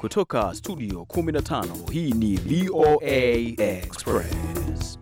Kutoka studio 15 hii ni VOA Express.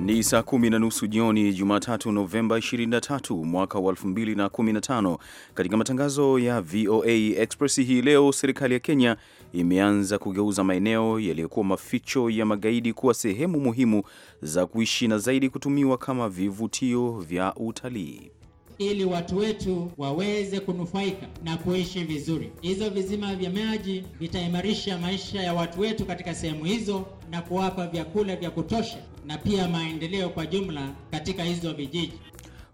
Ni saa kumi na nusu jioni Jumatatu, Novemba 23 mwaka wa 2015. Katika matangazo ya VOA Express hii leo, serikali ya Kenya imeanza kugeuza maeneo yaliyokuwa maficho ya magaidi kuwa sehemu muhimu za kuishi na zaidi kutumiwa kama vivutio vya utalii ili watu wetu waweze kunufaika na kuishi vizuri. Hizo vizima vya maji vitaimarisha maisha ya watu wetu katika sehemu hizo na kuwapa vyakula vya kutosha na pia maendeleo kwa jumla katika hizo vijiji.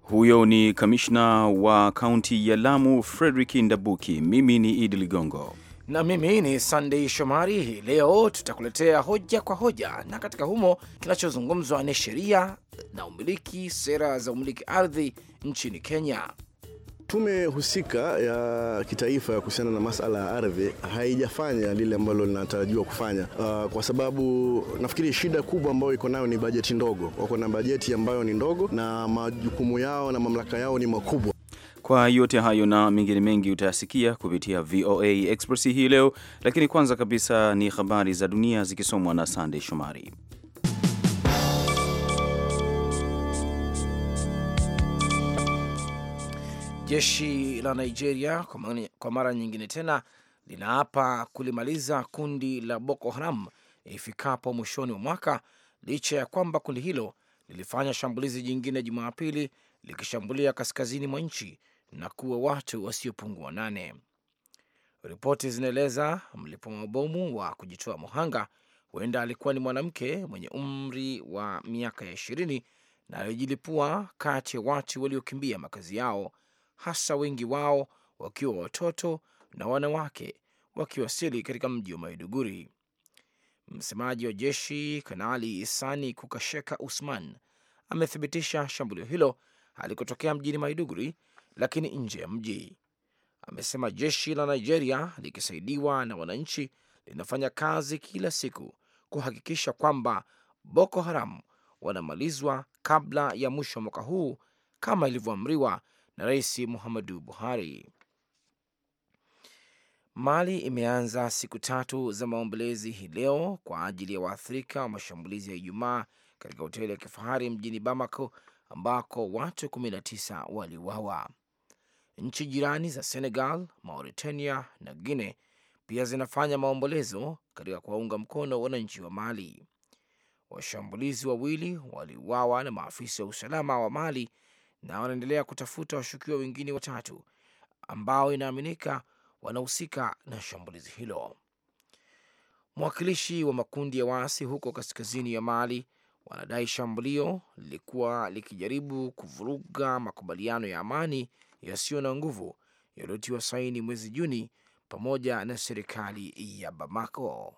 Huyo ni kamishna wa kaunti ya Lamu Frederick Ndabuki. Mimi ni Idi Ligongo na mimi ni Sunday Shomari. Hii leo tutakuletea hoja kwa hoja, na katika humo kinachozungumzwa ni sheria na umiliki, sera za umiliki ardhi nchini Kenya. Tume husika ya kitaifa ya kuhusiana na masala ya ardhi haijafanya lile ambalo linatarajiwa kufanya. Uh, kwa sababu nafikiri shida kubwa ambayo iko nayo ni bajeti ndogo. Wako na bajeti ambayo ni ndogo na majukumu yao na mamlaka yao ni makubwa. Kwa yote hayo na mengine mengi utayasikia kupitia VOA Express hii leo, lakini kwanza kabisa ni habari za dunia zikisomwa na Sandey Shomari. Jeshi la Nigeria kwa mara nyingine tena linaapa kulimaliza kundi la Boko Haram ifikapo mwishoni mwa mwaka licha ya kwamba kundi hilo lilifanya shambulizi jingine Jumapili likishambulia kaskazini mwa nchi na kuwa watu wasiopungua nane. Ripoti zinaeleza mlipo mabomu wa kujitoa muhanga huenda alikuwa ni mwanamke mwenye umri wa miaka ya ishirini na alijilipua kati ya watu waliokimbia makazi yao, hasa wengi wao wakiwa watoto na wanawake wakiwasili katika mji wa Maiduguri. Msemaji wa jeshi Kanali Isani Kukasheka Usman amethibitisha shambulio hilo alikotokea mjini Maiduguri lakini nje ya mji. Amesema jeshi la Nigeria likisaidiwa na wananchi linafanya kazi kila siku kuhakikisha kwamba Boko Haram wanamalizwa kabla ya mwisho wa mwaka huu kama ilivyoamriwa na Rais Muhammadu Buhari. Mali imeanza siku tatu za maombolezi hii leo kwa ajili ya waathirika wa mashambulizi ya Ijumaa katika hoteli ya kifahari mjini Bamako ambako watu 19 waliuawa. Nchi jirani za Senegal, Mauritania na Guine pia zinafanya maombolezo katika kuwaunga mkono wananchi wa Mali. Washambulizi wawili waliuawa na maafisa wa usalama wa Mali na wanaendelea kutafuta washukiwa wengine watatu ambao inaaminika wanahusika na shambulizi hilo. Mwakilishi wa makundi ya waasi huko kaskazini ya Mali wanadai shambulio lilikuwa likijaribu kuvuruga makubaliano ya amani yasiyo na nguvu yaliyotiwa saini mwezi Juni pamoja na serikali ya Bamako.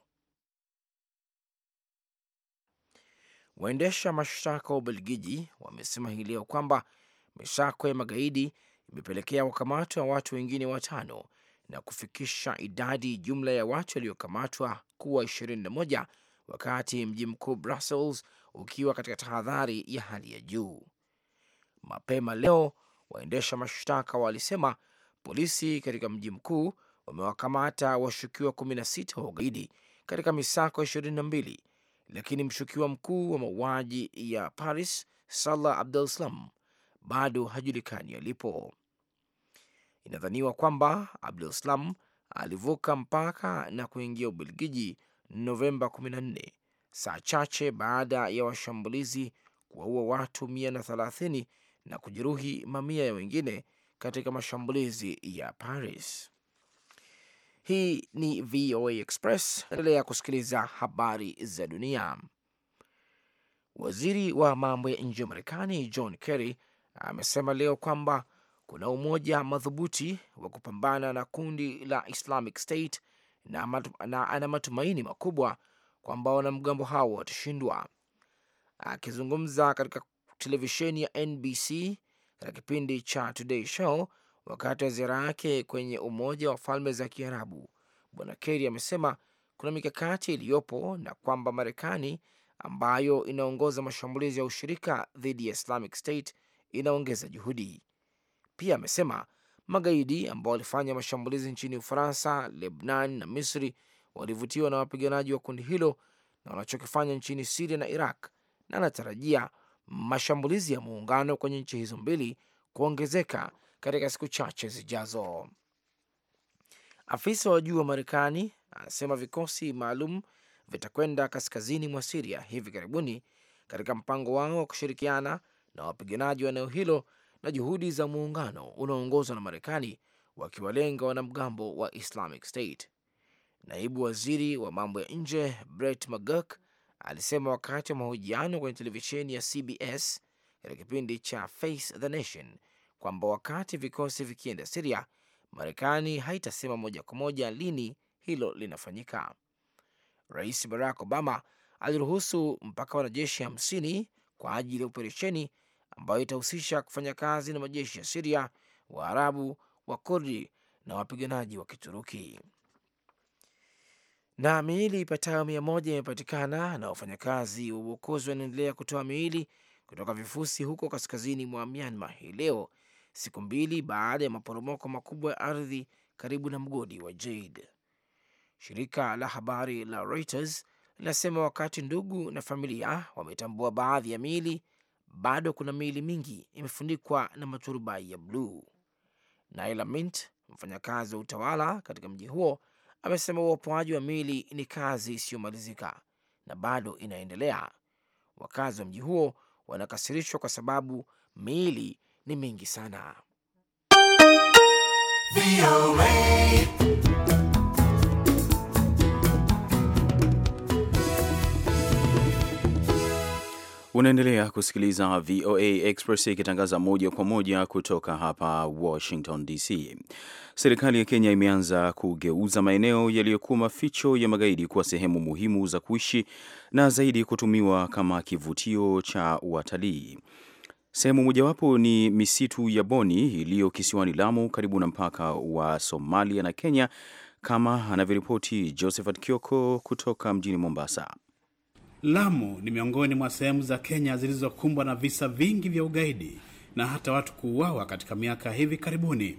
Waendesha mashtaka wa Ubelgiji wamesema hii leo kwamba misako ya magaidi imepelekea wakamatwa wa watu wengine watano na kufikisha idadi jumla ya watu waliokamatwa kuwa 21 wakati mji mkuu Brussels ukiwa katika tahadhari ya hali ya juu. Mapema leo waendesha mashtaka walisema polisi katika mji mkuu wamewakamata washukiwa 16 wa ugaidi katika misako 22, lakini mshukiwa mkuu wa mauaji ya Paris Salah slam bado hajulikani alipo. Inadhaniwa kwamba Abdulslam alivuka mpaka na kuingia Ubelgiji Novemba 14, saa chache baada ya washambulizi kuwaua watu 130 na kujeruhi mamia ya wengine katika mashambulizi ya Paris. Hii ni VOA Express, endelea kusikiliza habari za dunia. Waziri wa mambo ya nje wa Marekani John Kerry amesema leo kwamba kuna umoja madhubuti wa kupambana na kundi la Islamic State na, matu, na ana matumaini makubwa kwamba wanamgambo hao watashindwa. Akizungumza katika televisheni ya NBC katika kipindi cha Today Show wakati wa ziara yake kwenye Umoja wa Falme za Kiarabu. Bwana Kerry amesema kuna mikakati iliyopo na kwamba Marekani ambayo inaongoza mashambulizi ya ushirika dhidi ya Islamic State inaongeza juhudi. Pia amesema magaidi ambao walifanya mashambulizi nchini Ufaransa, Lebanon na Misri walivutiwa na wapiganaji wa kundi hilo na wanachokifanya nchini Siria na Iraq, na anatarajia mashambulizi ya muungano kwenye nchi hizo mbili kuongezeka katika siku chache zijazo. Afisa wa juu wa Marekani anasema vikosi maalum vitakwenda kaskazini mwa Siria hivi karibuni katika mpango wao wa kushirikiana na wapiganaji wa eneo hilo na juhudi za muungano unaoongozwa na Marekani wakiwalenga wanamgambo wa Islamic State. Naibu waziri wa mambo ya nje Brett McGurk alisema wakati wa mahojiano kwenye televisheni ya CBS katika kipindi cha Face the Nation kwamba wakati vikosi vikienda Siria, Marekani haitasema moja kwa moja lini hilo linafanyika. Rais Barack Obama aliruhusu mpaka wanajeshi hamsini kwa ajili ya operesheni ambayo itahusisha kufanya kazi na majeshi ya Siria, Waarabu, Wakurdi na wapiganaji wa Kituruki. Na miili ipatayo mia moja imepatikana na wafanyakazi wa uokozi wanaendelea kutoa miili kutoka vifusi huko kaskazini mwa Myanmar hii leo, siku mbili baada ya maporomoko makubwa ya ardhi karibu na mgodi wa Jade. Shirika la habari la Reuters linasema wakati ndugu na familia wametambua baadhi ya miili, bado kuna miili mingi imefunikwa na maturubai ya bluu. Naila Mint, mfanyakazi wa utawala katika mji huo, amesema uopoaji wa mili ni kazi isiyomalizika na bado inaendelea. Wakazi wa mji huo wanakasirishwa kwa sababu miili ni mingi sana. Unaendelea kusikiliza VOA Express ikitangaza moja kwa moja kutoka hapa Washington DC. Serikali ya Kenya imeanza kugeuza maeneo yaliyokuwa maficho ya magaidi kuwa sehemu muhimu za kuishi na zaidi kutumiwa kama kivutio cha watalii. Sehemu mojawapo ni misitu ya Boni iliyo kisiwani Lamu karibu na mpaka wa Somalia na Kenya, kama anavyoripoti Josephat Kioko kutoka mjini Mombasa. Lamu ni miongoni mwa sehemu za Kenya zilizokumbwa na visa vingi vya ugaidi na hata watu kuuawa katika miaka hivi karibuni.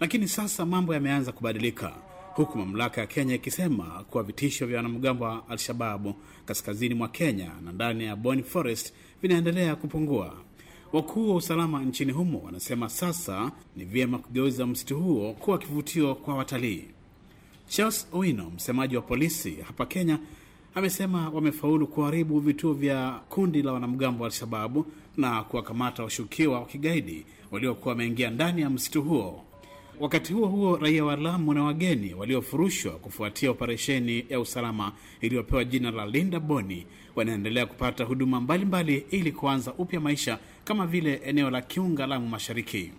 Lakini sasa mambo yameanza kubadilika, huku mamlaka ya Kenya ikisema kuwa vitisho vya wanamgambo wa Al-Shababu kaskazini mwa Kenya na ndani ya Boni Forest vinaendelea kupungua. Wakuu wa usalama nchini humo wanasema sasa ni vyema kugeuza msitu huo kuwa kivutio kwa watalii. Charles Owino, msemaji wa polisi hapa Kenya, amesema wamefaulu kuharibu vituo vya kundi la wanamgambo wa Alshababu na kuwakamata washukiwa wa kigaidi waliokuwa wameingia ndani ya msitu huo. Wakati huo huo, raia wa Lamu na wageni waliofurushwa kufuatia operesheni ya usalama iliyopewa jina la Linda Boni wanaendelea kupata huduma mbalimbali ili kuanza upya maisha kama vile eneo la Kiunga, Lamu Mashariki.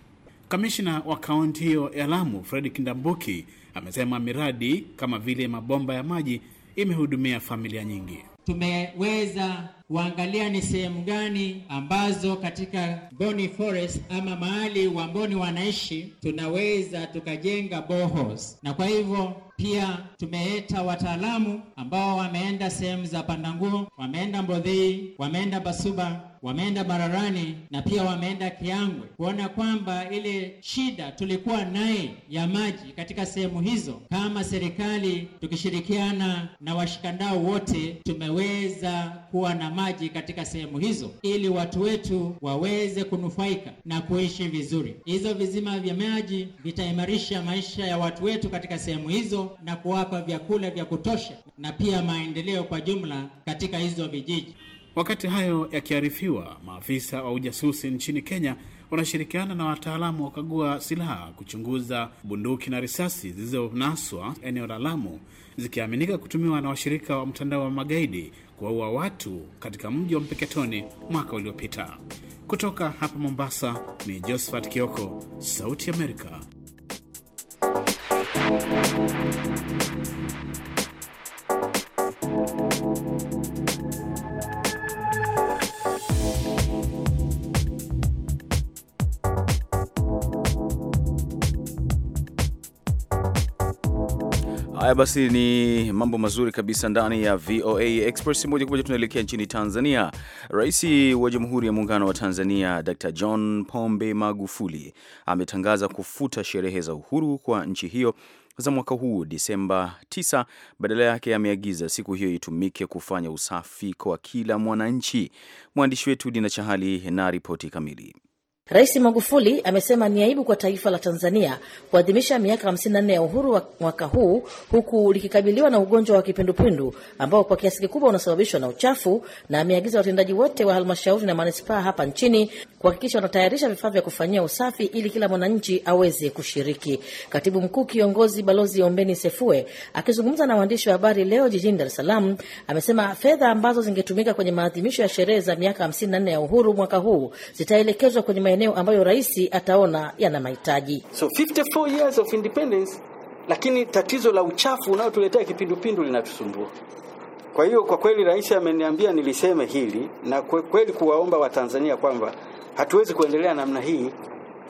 Kamishna wa kaunti hiyo ya Lamu Fredi Kindambuki amesema miradi kama vile mabomba ya maji imehudumia familia nyingi. Tumeweza waangalia ni sehemu gani ambazo katika Boni Forest ama mahali Wamboni wanaishi tunaweza tukajenga bohos Na kwa hivyo pia tumeeta wataalamu ambao wameenda sehemu za Pandanguo, wameenda Mbodhei, wameenda Basuba, wameenda Bararani na pia wameenda Kiangwe kuona kwamba ile shida tulikuwa naye ya maji katika sehemu hizo, kama serikali tukishirikiana na washikadau wote tumeweza kuwa na maji katika sehemu hizo, ili watu wetu waweze kunufaika na kuishi vizuri. Hizo vizima vya maji vitaimarisha maisha ya watu wetu katika sehemu hizo na kuwapa vyakula vya kutosha na pia maendeleo kwa jumla katika hizo vijiji. Wakati hayo yakiarifiwa, maafisa wa ujasusi nchini Kenya wanashirikiana na wataalamu wakagua silaha kuchunguza bunduki na risasi zilizonaswa eneo la Lamu zikiaminika kutumiwa na washirika wa mtandao wa magaidi kuwaua watu katika mji wa Mpeketoni mwaka uliopita. Kutoka hapa Mombasa ni Josephat Kioko, Sauti Amerika. Haya basi, ni mambo mazuri kabisa ndani ya VOA Express. Moja kwa moja tunaelekea nchini Tanzania. Rais wa Jamhuri ya Muungano wa Tanzania Dr. John Pombe Magufuli ametangaza kufuta sherehe za uhuru kwa nchi hiyo za mwaka huu Disemba 9. Badala yake ameagiza siku hiyo itumike kufanya usafi kwa kila mwananchi. Mwandishi wetu Dina Chahali na ripoti kamili. Rais Magufuli amesema ni aibu kwa taifa la Tanzania kuadhimisha miaka 54 ya uhuru wa mwaka huu huku likikabiliwa na ugonjwa wa kipindupindu ambao kwa kiasi kikubwa unasababishwa na uchafu, na ameagiza watendaji wote wa halmashauri na manispaa hapa nchini kuhakikisha wanatayarisha vifaa vya kufanyia usafi ili kila mwananchi aweze kushiriki. Katibu mkuu kiongozi Balozi Ombeni Sefue akizungumza na waandishi wa habari leo jijini Dar es Salaam amesema fedha ambazo zingetumika kwenye maadhimisho ya sherehe za miaka 54 ya uhuru mwaka huu zitaelekezwa kwenye maeneo ambayo rais ataona yana mahitaji. So 54 years of independence, lakini tatizo la uchafu unaotuletea kipindupindu linatusumbua. Kwa hiyo kwa kweli rais ameniambia niliseme hili na kwe, kweli kuwaomba Watanzania kwamba hatuwezi kuendelea namna hii.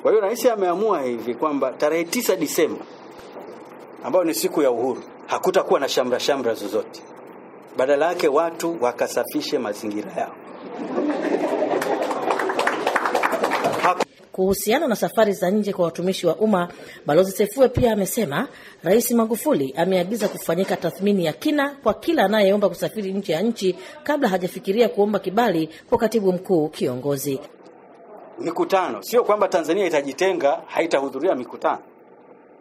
Kwa hiyo rais ameamua hivi kwamba tarehe 9 Disemba ambayo ni siku ya uhuru hakutakuwa na shamra shamra zozote, badala yake watu wakasafishe mazingira yao. Kuhusiana na safari za nje kwa watumishi wa umma, Balozi Sefue pia amesema Rais Magufuli ameagiza kufanyika tathmini ya kina kwa kila anayeomba kusafiri nje ya nchi kabla hajafikiria kuomba kibali kwa katibu mkuu kiongozi. Mikutano sio kwamba Tanzania itajitenga, haitahudhuria mikutano.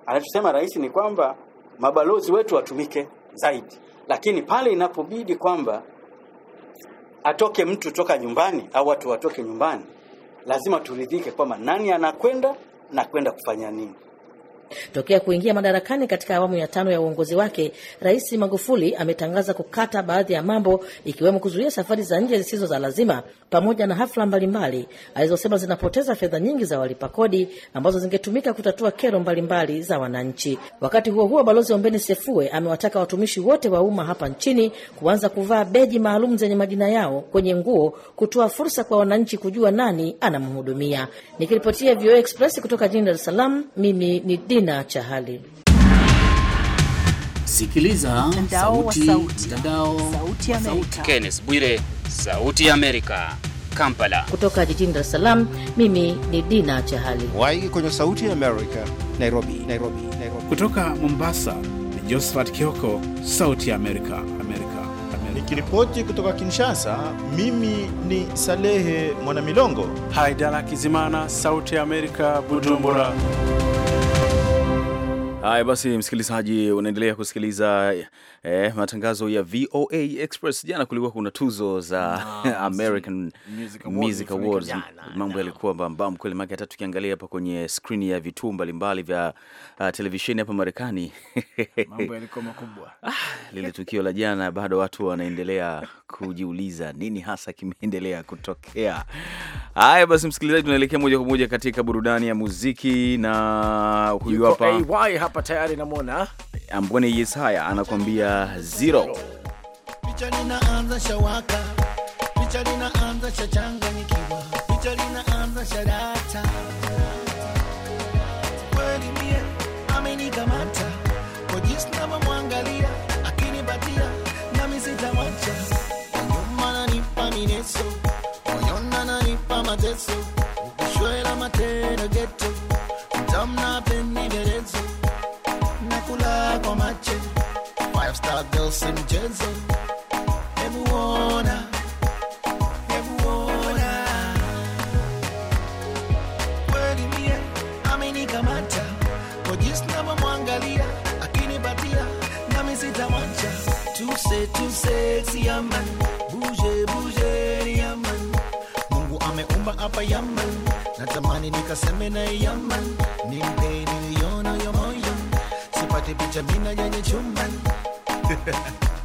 Anachosema rais ni kwamba mabalozi wetu watumike zaidi, lakini pale inapobidi kwamba atoke mtu toka nyumbani au watu watoke nyumbani lazima turidhike kwamba nani anakwenda na kwenda kufanya nini. Tokea kuingia madarakani katika awamu ya tano ya uongozi wake, Rais Magufuli ametangaza kukata baadhi ya mambo ikiwemo kuzuia safari za nje zisizo za lazima pamoja na hafla mbalimbali alizosema zinapoteza fedha nyingi za walipa kodi ambazo zingetumika kutatua kero mbalimbali mbali za wananchi. Wakati huo huo, Balozi Ombeni Sefue amewataka watumishi wote wa umma hapa nchini kuanza kuvaa beji maalum zenye majina yao kwenye nguo, kutoa fursa kwa wananchi kujua nani anamhudumia. Nikiripotia VOA Express kutoka jijini Dar es Salaam, mimi ni Dina Chahali. Sikiliza mtandao sauti, sauti, mtandao sauti ya Amerika. Kenneth Bwire, sauti ya Amerika. Kampala. Kutoka jijini Dar es Salaam, mimi ni Dina Chahali. Waiki kwenye sauti ya Amerika, Nairobi, Nairobi, Nairobi. Kutoka Mombasa ni Josephat Kioko, sauti ya Amerika, Amerika. Nikiripoti kutoka Kinshasa, mimi ni Salehe Mwanamilongo. Haidara Kizimana, sauti ya Amerika, Bujumbura. Haya basi, msikilizaji, unaendelea kusikiliza eh, matangazo ya VOA Express. Jana kulikuwa kuna tuzo za no, American Music Awards, Music Awards. Mambo yalikuwa bambam kweli maki, hata tukiangalia hapa kwenye skrini ya vituo mbalimbali vya uh, televisheni hapa Marekani mambo yalikuwa makubwa ah, lile tukio la jana, bado watu wanaendelea kujiuliza nini hasa kimeendelea kutokea. Haya basi, msikilizaji, tunaelekea moja kwa moja katika burudani ya muziki, na huyu hapa AY hapa tayari namwona Ambwene Yesaya anakuambia zero. Picha linaanza shawaka, picha linaanza shachanganyikiwa, picha linaanza sharata kweli mie amenikamata kwa jinsi navyomwangalia sitawacha nyuma nanipa mineso moyona nanipa mateso ukishwela matera geto mtamna penibelezo nakula kwa mache five star girls si mchezo hebu ona hebu ona kweli mie amenikamata kojisnavomwangalia Yaman, bougez, bougez Yaman. Mungu ameumba apa Yaman, natamani nikaseme na Yaman, ni mdei niliona yo moyo, sipati picha mina yenye chumba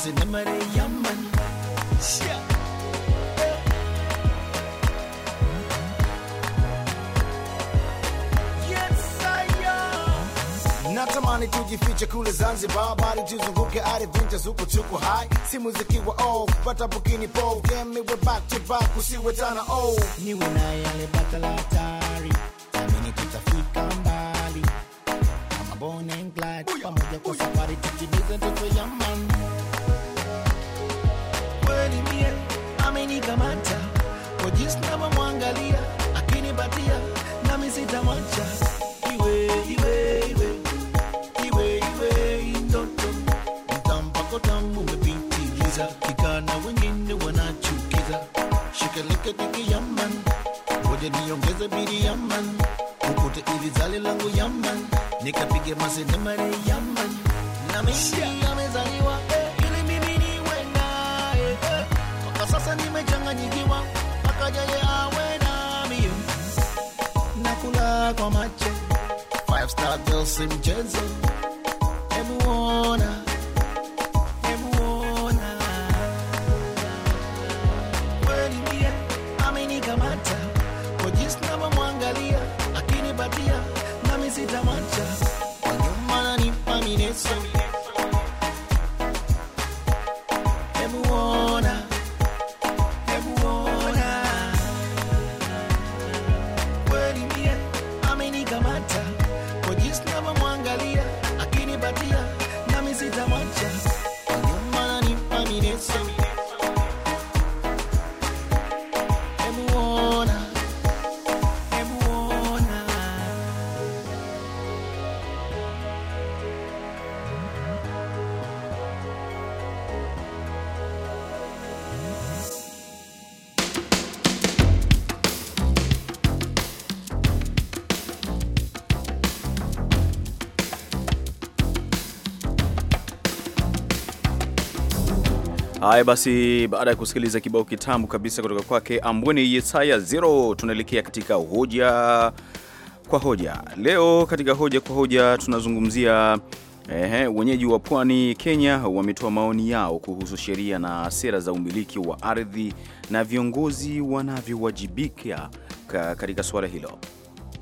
Kasi namare yaman Yeah natamani tujifiche kule zanzibar bali tuzunguke adventures huko chuko hai si muziki wa o pata bukini po gemiwe back to back usiwe tana o niwe na yale bata la hatari amini tutafika mbali kama bonenglad keki yaman, ngoja niongeze bili yaman, ukute ili zale langu yaman, nikapige masenamare yaman, na mimi amezaliwa eh, ili mimi niwe naye, eh. mpaka sasa nimechanganyikiwa, akaja yeye awe nami, nakula kwa macho, five star girls mchezo, hebu ona Haya basi, baada ya kusikiliza kibao kitamu kabisa kutoka kwake Ambweni Yesaya Zero, tunaelekea katika hoja kwa hoja. Leo katika hoja kwa hoja tunazungumzia ehe, wenyeji wa pwani Kenya wametoa maoni yao kuhusu sheria na sera za umiliki wa ardhi na viongozi wanavyowajibika katika suala hilo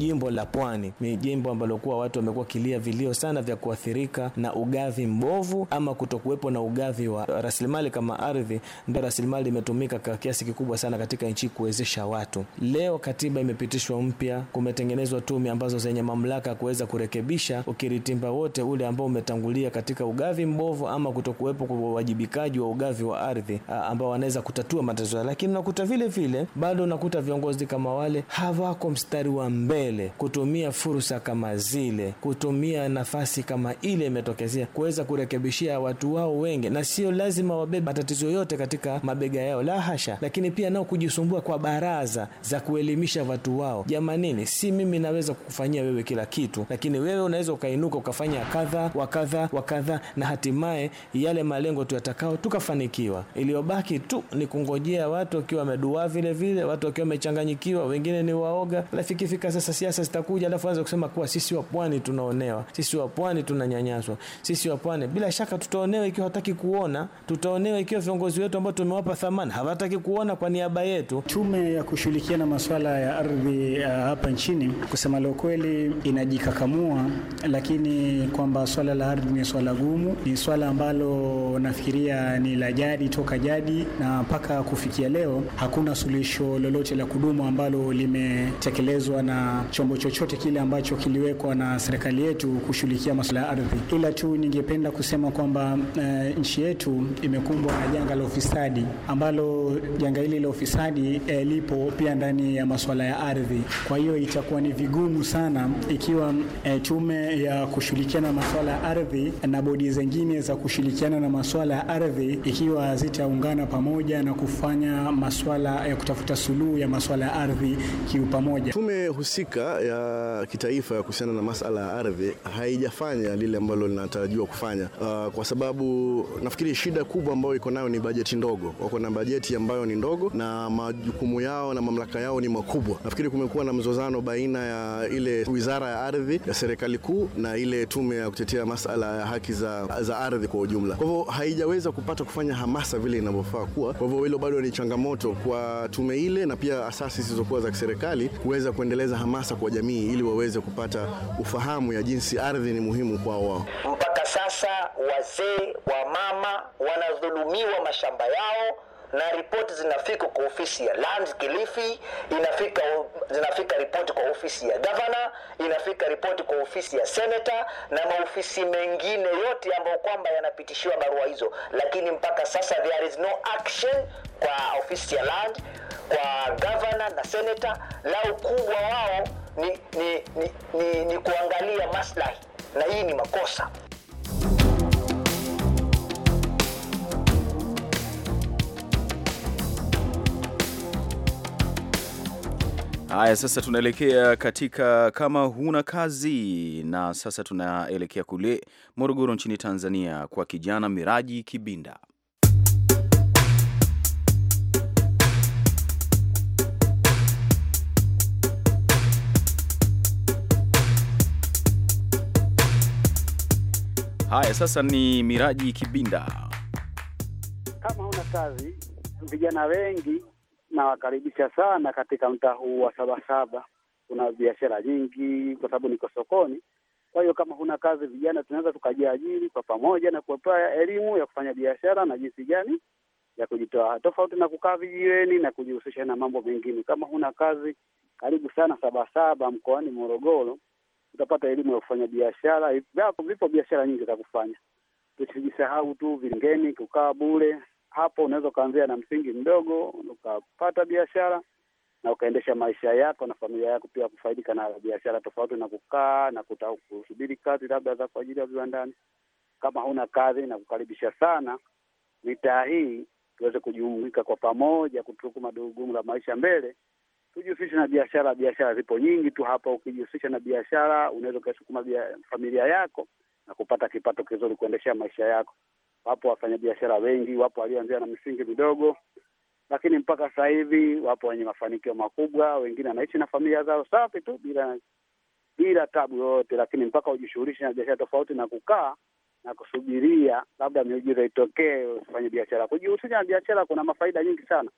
jimbo la Pwani ni jimbo ambalo kuwa watu wamekuwa kilia vilio sana vya kuathirika na ugavi mbovu ama kutokuwepo na ugavi wa rasilimali kama ardhi. Ndio rasilimali imetumika kwa kiasi kikubwa sana katika nchi kuwezesha watu. Leo katiba imepitishwa mpya, kumetengenezwa tume ambazo zenye mamlaka kuweza kurekebisha ukiritimba wote ule ambao umetangulia katika ugavi mbovu ama kutokuwepo kwa uwajibikaji wa ugavi wa ardhi ambao wanaweza kutatua matatizo, lakini unakuta vile vile bado unakuta viongozi kama wale hawako mstari wa mbele mbele, kutumia fursa kama zile, kutumia nafasi kama ile imetokezea kuweza kurekebishia watu wao wengi, na sio lazima wabebe matatizo yote katika mabega yao, la hasha, lakini pia nao kujisumbua kwa baraza za kuelimisha watu wao. Jamanini, si mimi naweza kukufanyia wewe kila kitu, lakini wewe unaweza ukainuka ukafanya kadha wa kadha wa kadha, na hatimaye yale malengo tuyatakao tukafanikiwa. Iliyobaki tu ni kungojea watu wakiwa wameduaa vile vile, watu wakiwa wamechanganyikiwa, wengine ni waoga. Lafikifika sasa siasa zitakuja, alafu anza kusema kuwa sisi wa pwani tunaonewa, sisi wa pwani tunanyanyaswa, sisi wa pwani. Bila shaka tutaonewa ikiwa hataki kuona, tutaonewa ikiwa viongozi wetu ambao tumewapa thamani hawataki kuona kwa niaba yetu. Tume ya kushughulikia na masuala ya ardhi eh, hapa nchini, kusema la ukweli, inajikakamua, lakini kwamba swala la ardhi ni swala gumu, ni swala ambalo nafikiria ni la jadi toka jadi na mpaka kufikia leo hakuna suluhisho lolote la kudumu ambalo limetekelezwa na chombo chochote kile ambacho kiliwekwa na serikali yetu kushughulikia masuala ya ardhi, ila tu ningependa kusema kwamba uh, nchi yetu imekumbwa na janga la ufisadi, ambalo janga hili la ufisadi eh, lipo pia ndani ya masuala ya ardhi. Kwa hiyo itakuwa ni vigumu sana ikiwa eh, tume ya kushughulikiana na masuala ya ardhi na bodi zingine za kushirikiana na masuala ya ardhi ikiwa zitaungana pamoja na kufanya masuala ya kutafuta suluhu ya masuala ya ardhi pamoja. Tume husika Mamlaka ya kitaifa ya kuhusiana na masala ya ardhi haijafanya lile ambalo linatarajiwa kufanya uh, kwa sababu nafikiri shida kubwa ambayo iko nayo ni bajeti ndogo. Wako na bajeti ambayo ni ndogo na majukumu yao na mamlaka yao ni makubwa. Nafikiri kumekuwa na mzozano baina ya ile wizara ya ardhi ya serikali kuu na ile tume ya kutetea masala ya haki za, za ardhi kwa ujumla. Kwa hivyo haijaweza kupata kufanya hamasa vile inavyofaa kuwa. Kwa hivyo hilo bado ni changamoto kwa tume ile na pia asasi zilizokuwa za kiserikali kuweza kuendeleza hamasa hamasa kwa jamii ili waweze kupata ufahamu ya jinsi ardhi ni muhimu kwao wao. Mpaka sasa wazee wa mama wanadhulumiwa mashamba yao na ripoti zinafika kwa ofisi ya Land Kilifi, inafika zinafika ripoti kwa ofisi ya gavana, inafika ripoti kwa ofisi ya seneta na maofisi mengine yote ambayo kwamba yanapitishiwa barua hizo, lakini mpaka sasa there is no action kwa ofisi ya land kwa gavana na seneta, la kubwa wao ni, ni, ni, ni, ni kuangalia maslahi, na hii ni makosa. Haya, sasa tunaelekea katika kama huna kazi, na sasa tunaelekea kule Morogoro nchini Tanzania kwa kijana Miraji Kibinda. Haya, sasa ni Miraji Kibinda. Kama huna kazi, vijana wengi nawakaribisha sana katika mtaa huu wa Sabasaba. Kuna biashara nyingi kwa sababu niko sokoni. Kwa hiyo kama huna kazi, vijana tunaweza tukajiajiri kwa pamoja na kuwapa elimu ya kufanya biashara na jinsi gani ya kujitoa, tofauti na kukaa vijiweni na kujihusisha na mambo mengine. Kama huna kazi, karibu sana Sabasaba mkoani Morogoro utapata elimu ya kufanya biashara. Vipo biashara nyingi za kufanya, tusijisahau tu vilingeni, kukaa bure. Hapo unaweza ukaanzia na msingi mdogo ukapata biashara na ukaendesha maisha yako na familia yako pia kufaidika na biashara, tofauti na kukaa na kusubiri kazi labda za kwa ajili ya viwandani. Kama huna kazi, na kukaribisha sana mitaa hii tuweze kujumuika kwa pamoja, kutukuma dugumu la maisha mbele, Tujihusishe na biashara. Biashara zipo nyingi tu hapa. Ukijihusisha na biashara, unaweza ukasukuma familia yako na kupata kipato kizuri kuendeshea maisha yako. Wapo wafanyabiashara wengi, wapo walioanzia na misingi midogo, lakini mpaka sasa hivi wapo wenye mafanikio makubwa. Wengine wanaishi na familia zao safi tu bila bila tabu yoyote, lakini mpaka ujishughulishe na biashara tofauti na kukaa na kusubiria labda miujiza itokee ufanye biashara. Kujihusisha na biashara kuna mafaida nyingi sana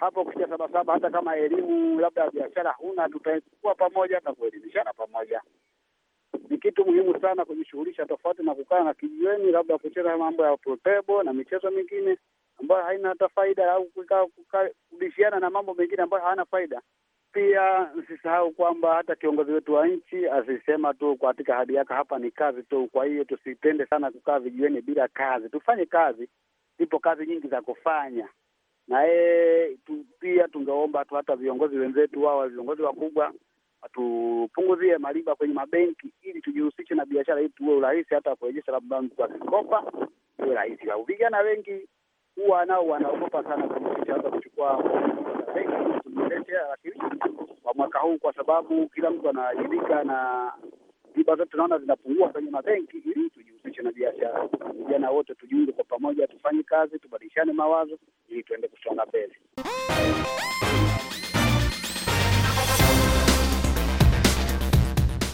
hapo kisha Sabasaba, hata kama elimu labda ya biashara huna, tutakuwa pamoja na kuelimishana pamoja. Ni kitu muhimu sana kujishughulisha, tofauti na kukaa na kijiweni, labda kucheza mambo ya tebo na michezo mingine ambayo haina hata faida, au kubishiana na mambo mengine ambayo hayana faida. Pia msisahau kwamba hata kiongozi wetu wa nchi asisema tu katika hadi yake hapa ni kazi tu. Kwa hiyo tusipende sana kukaa vijiweni bila kazi, tufanye kazi. ipo kazi nyingi za kufanya na yeye pia tungeomba tu hata viongozi wenzetu wao viongozi wakubwa watupunguzie mariba kwenye mabenki ili tujihusishe na biashara hii, tuwe urahisi hata kurejesha, labda mtu akikopa tuwe rahisi. vijana wengi huwa nao wanaogopa sana kujihusisha hata kuchukua benki, lakini kwa mwaka huu kwa sababu kila mtu anaajibika na riba zote tunaona zinapungua kwenye mabenki, ili tujihusishe na biashara. Vijana wote tujiunge kwa pamoja, tufanye kazi, tubadilishane mawazo, ili tuende kusonga mbele.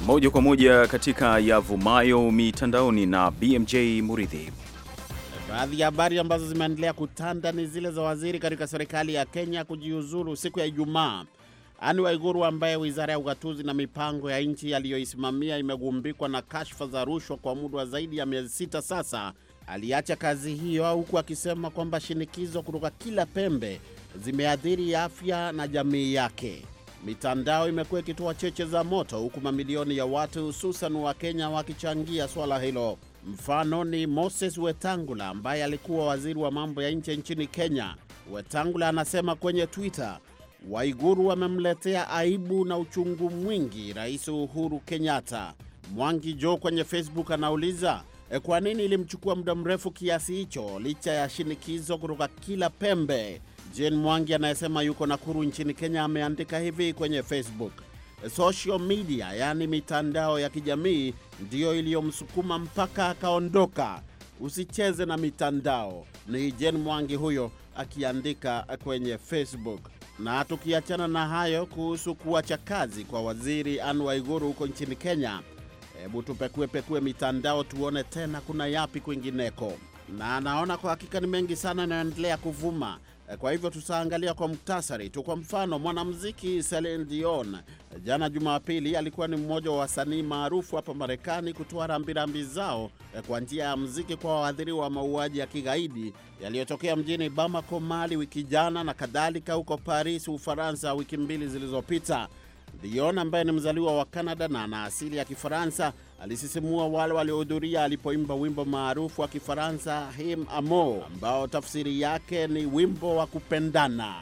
Moja kwa moja katika yavumayo mitandaoni na BMJ Muridhi. Baadhi ya habari ambazo zimeendelea kutanda ni zile za waziri katika serikali ya Kenya kujiuzulu siku ya Ijumaa ani Waiguru ambaye wizara ya ugatuzi na mipango ya nchi aliyoisimamia imegumbikwa na kashfa za rushwa kwa muda wa zaidi ya miezi sita sasa, aliacha kazi hiyo huku akisema kwamba shinikizo kutoka kila pembe zimeathiri afya na jamii yake. Mitandao imekuwa ikitoa cheche za moto, huku mamilioni ya watu hususan wa Kenya wakichangia swala hilo. Mfano ni Moses Wetangula ambaye alikuwa waziri wa mambo ya nje nchini Kenya. Wetangula anasema kwenye Twitter Waiguru wamemletea aibu na uchungu mwingi Rais Uhuru Kenyatta. Mwangi Jo kwenye Facebook anauliza e, kwa nini ilimchukua muda mrefu kiasi hicho licha ya shinikizo kutoka kila pembe? Jane Mwangi anayesema yuko Nakuru nchini Kenya ameandika hivi kwenye Facebook: eh, social media, yaani mitandao ya kijamii ndiyo iliyomsukuma mpaka akaondoka. Usicheze na mitandao. Ni Jane Mwangi huyo akiandika kwenye Facebook. Na tukiachana na hayo kuhusu kuacha kazi kwa waziri Anne Waiguru huko nchini Kenya, hebu tupekuepekue mitandao tuone tena kuna yapi kwingineko, na naona kwa hakika ni mengi sana yanayoendelea kuvuma Eh, kwa hivyo tutaangalia kwa muktasari tu. Kwa mfano, mwanamuziki Celine Dion eh, jana Jumapili alikuwa ni mmoja wa wasanii maarufu hapa Marekani kutoa rambirambi zao eh, kwa njia ya muziki kwa waathiriwa wa mauaji ya kigaidi yaliyotokea mjini Bamako, Mali wiki jana na kadhalika huko Paris, Ufaransa wiki mbili zilizopita. Dion ambaye ni mzaliwa wa Canada na ana asili ya Kifaransa alisisimua wale waliohudhuria alipoimba wimbo maarufu wa Kifaransa him amo, ambao tafsiri yake ni wimbo wa kupendana.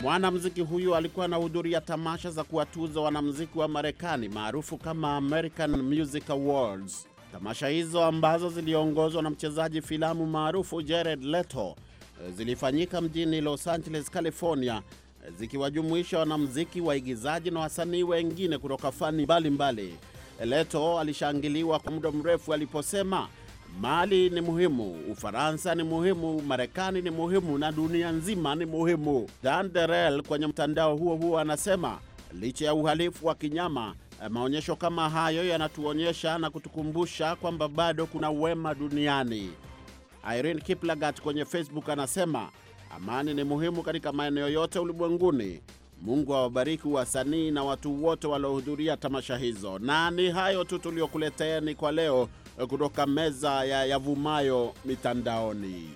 Mwanamuziki huyu alikuwa anahudhuria tamasha za kuwatuza wanamuziki wa Marekani maarufu kama American Music Awards. Tamasha hizo ambazo ziliongozwa na mchezaji filamu maarufu Jared Leto eh, zilifanyika mjini Los Angeles, California, eh, zikiwajumuisha wanamuziki, waigizaji na wasanii wengine kutoka fani mbalimbali. Leto alishangiliwa kwa muda mrefu aliposema Mali ni muhimu, Ufaransa ni muhimu, Marekani ni muhimu na dunia nzima ni muhimu. Dan Derel kwenye mtandao huo huo anasema licha ya uhalifu wa kinyama, Eh, maonyesho kama hayo yanatuonyesha na kutukumbusha kwamba bado kuna wema duniani. Irene Kiplagat kwenye Facebook anasema amani ni muhimu katika maeneo yote ulimwenguni. Mungu awabariki wasanii na watu wote waliohudhuria tamasha hizo. Na ni hayo tu tuliokuleteeni kwa leo eh, kutoka meza ya yavumayo mitandaoni.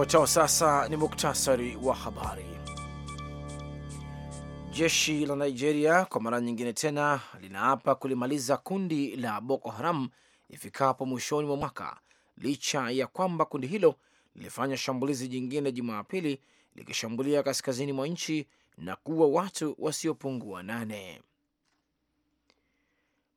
Ufuatao sasa ni muktasari wa habari. Jeshi la Nigeria kwa mara nyingine tena linaapa kulimaliza kundi la Boko Haram ifikapo mwishoni mwa mwaka licha ya kwamba kundi hilo lilifanya shambulizi jingine Jumapili likishambulia kaskazini mwa nchi na kuua watu wasiopungua nane.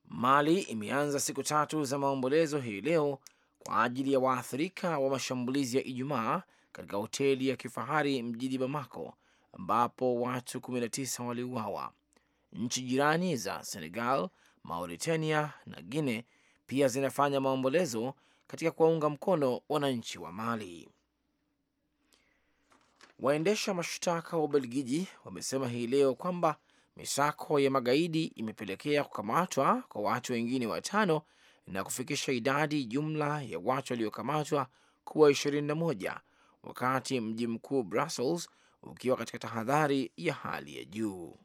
Mali imeanza siku tatu za maombolezo hii leo kwa ajili ya waathirika wa mashambulizi ya Ijumaa katika hoteli ya kifahari mjini Bamako ambapo watu 19 waliuawa. Nchi jirani za Senegal, Mauritania na Guine pia zinafanya maombolezo katika kuwaunga mkono wananchi wa Mali. Waendesha mashtaka wa Ubelgiji wamesema hii leo kwamba misako ya magaidi imepelekea kukamatwa kwa watu wengine watano na kufikisha idadi jumla ya watu waliokamatwa kuwa 21 wakati mji mkuu Brussels ukiwa katika tahadhari ya hali ya juu.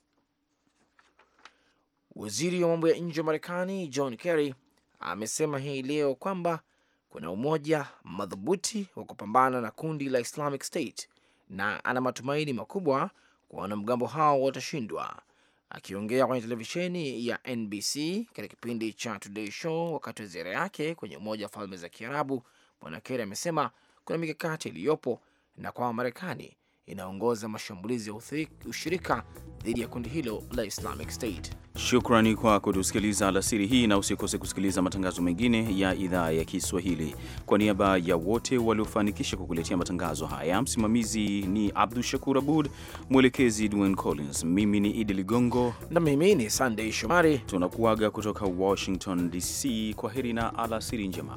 Waziri wa mambo ya nje wa Marekani John Kerry amesema hii leo kwamba kuna umoja madhubuti wa kupambana na kundi la Islamic State na ana matumaini makubwa kwa wanamgambo hao watashindwa. Akiongea kwenye televisheni ya NBC katika kipindi cha Today Show wakati wa ziara yake kwenye Umoja wa Falme za Kiarabu, Bwana Kerry amesema kuna mikakati iliyopo na kwamba Marekani inaongoza mashambulizi ya ushirika dhidi ya kundi hilo la Islamic State. Shukrani kwa kutusikiliza alasiri hii, na usikose kusikiliza matangazo mengine ya idhaa ya Kiswahili. Kwa niaba ya wote waliofanikisha kukuletea matangazo haya, msimamizi ni Abdu Shakur Abud, mwelekezi Dwayne Collins, mimi ni Idi Ligongo na mimi ni Sandey Shomari. Tunakuaga kutoka Washington DC. Kwa heri na alasiri njema.